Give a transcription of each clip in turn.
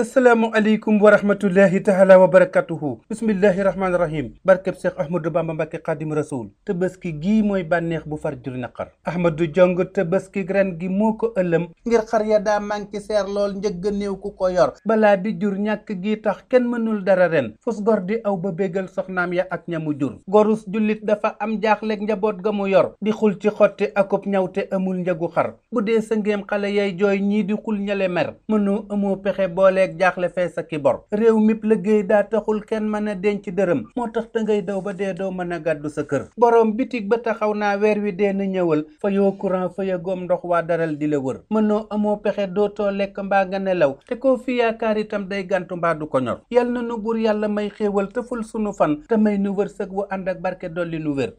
asalaamualeykum wa rahmatullahi taala wa barakatuhu bismillahi rahmaani rahim barkeb seex ahmadou bamba mbàkke xaadim rasul tabaski gii mooy bànneex bu far jur naqar ahmadou jong tabaski ren gi moo ko ëlëm ngir xar ya daa manki seer lool njëgg néew ku ko yor balaa di jur ñàkk gii tax kenn mënul dara ren fus gor di aw ba bégal soxnaam ya ak ñamu jur gorus jullit dafa am jaaxleeg njaboot ga mu yor di xul ci xotti akub ñawte amul njëgu xar bu dee sa xale yay jooy ñii di xul ñale mer mënoo leeg jaaxle fees ak i bor réew mip liggéey daa taxul kenn mën a denc dërëm moo tax te daw ba dee doo mën a gàddu sa kër borom bitig ba taxaw naa weer wi dee na ñëwal fa yoo courant fa ya goom ndox waa daral di la wër mënoo amoo pexe dootoo lekk mbaa nga nelaw te koo fi yaakaar itam day gantu mbaa du ko ñor yal na nu buur yàlla may xéewal tëful sunu fan te may nu wërsëg wu ànd ak barke dolli nu wér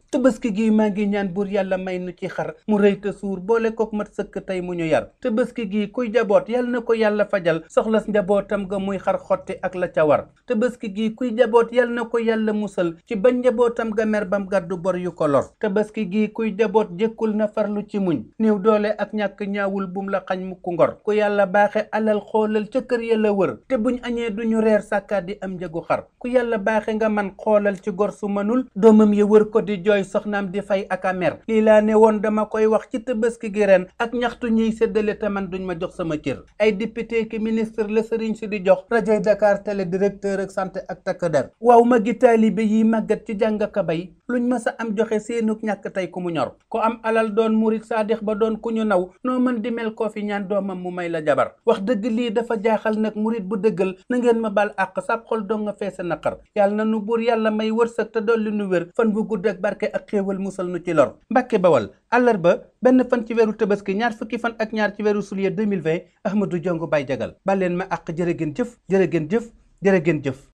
ki gi maa ngi ñaan buur yàlla may nu ci xar mu rëy te suur boole kook mat sëkk tey mu njabootam ga muy xar xotti ak la ca war gi kuy jaboot yal na ko yàlla musal ci ba njabootam ga mer bam gàddu bor yu ko lor tabaski gi kuy jaboot jekkul na farlu ci muñ néew doole ak ñàkk ñaawul bum la xañ mukk ngor ku yàlla baaxe alal xoolal ca kër ya la wër te buñ añee du ñu reer sàkkaat di am njëgu xar ku yàlla baaxe nga man xoolal ci gor su mënul doomam yi wër ko di jooy soxnaam di fay ak a mer lii laa ne woon dama koy wax ci tabaski gi ren ak ñaxtu ñuy séddale te man duñ ma jox sama cër sëriñ si di jox rajo Dakar télé directeur ak santé ak takk der waaw magi taalibe yi màggat ci jàng ka lu luñ mës sa am joxe seenu ñàkk tey ku mu ñor ko am alal doon murit saadix ba doon ku ñu naw noo mën di mel koo fi ñaan doomam mu may la jabar wax dëgg lii dafa jaaxal nag murit bu dëggal na ngeen ma bal àq sab xol doo nga feese naqar yàlla na nu buur yàlla may wërsëg te dolli nu wér fan bu gudd ak barke ak xéewal musal nu ci lor mbàkke bawal àllarba benn fan ci weeru tabaski ñaar fukki fan ak ñaar ci weeru suliye 2020 Ahmadou Diongue Baye Diagal baleen ma àq jërë ngeen jëf jëre ngeen jëf jërë ngeen jëf